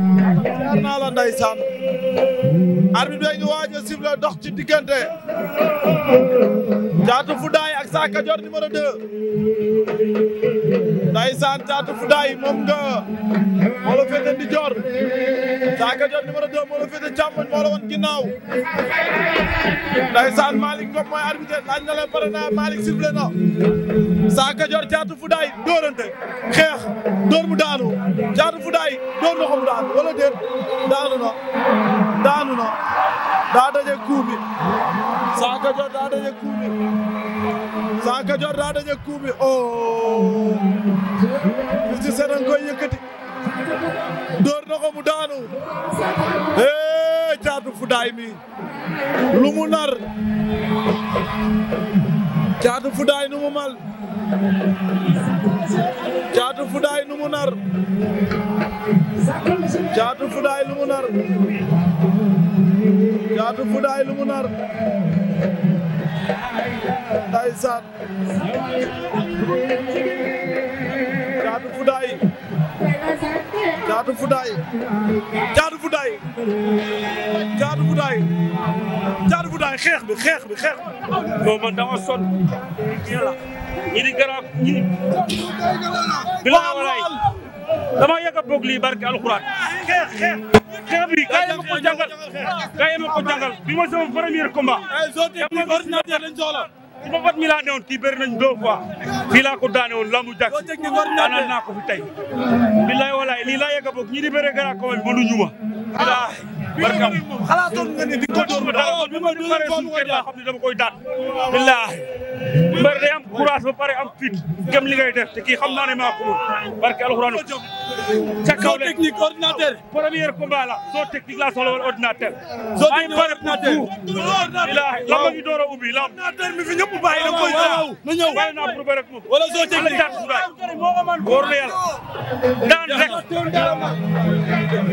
jaar naa la ndeysaan arbitre bi ngi waaj a dox ci diggante fu Foudaye ak Sa Cadior numéro 2 ndeysaan Thiatou Foudaye moom nga moo la féete di joor Saaka a numéro 2 moo la féete càmmoñ moo la woon ginnaaw ndeysaan Malick Ngom mooy arbitre laaj na leen naa Malick sifflé na Saaka Diop Thiatou Fouday dóorante xeex dóor mu daanu Thiatou Fouday dóor na ko mu daanu wala déet daanu na daa daje coup bi Saaka Diop daa daje coup bi Saaka Diop daa daje coup bi oh Fils du koy yëkkati dóor na ko mu daanu daay mi lu mu nar caatu fu daay nu mu mal caatu fu daay nu mu nar caatu fu daay lu mu nar caatu fu daay lu mu nar ndeysaan caatu fu daay caatu fu daay Fouta yi Thiatou Fouta yi Thiatou Fouta yi xeex bi xeex bi xeex bi non man dama sonn yàlla ñi di garab ñi bila walaay dama yàgg a lii barke alxuraan xeex xeex bi kaay ma ko jàngal bi ma sama premier combat ordinateur lañ soxla su ma bat mi laa newoon kii nañ deux fois fii laa ko daane woon lambu jàkk daanaan naa ko fi tey bilaay walaay lii laa yegg a bokk ñi di gara ko mënuñu ma billaahi barkam xalaatoon nga ko dóor dara bi ma dóor ba pare am fit gëm li ngay te kii xam naa ne maa barke alxuraan ca kaw la soo ay pare ordinateur billaahi la ma ngi door a mi fi ñëpp bàyyi na koy jaaw na ñëw bàyyi naa pour rek moom wala soo rek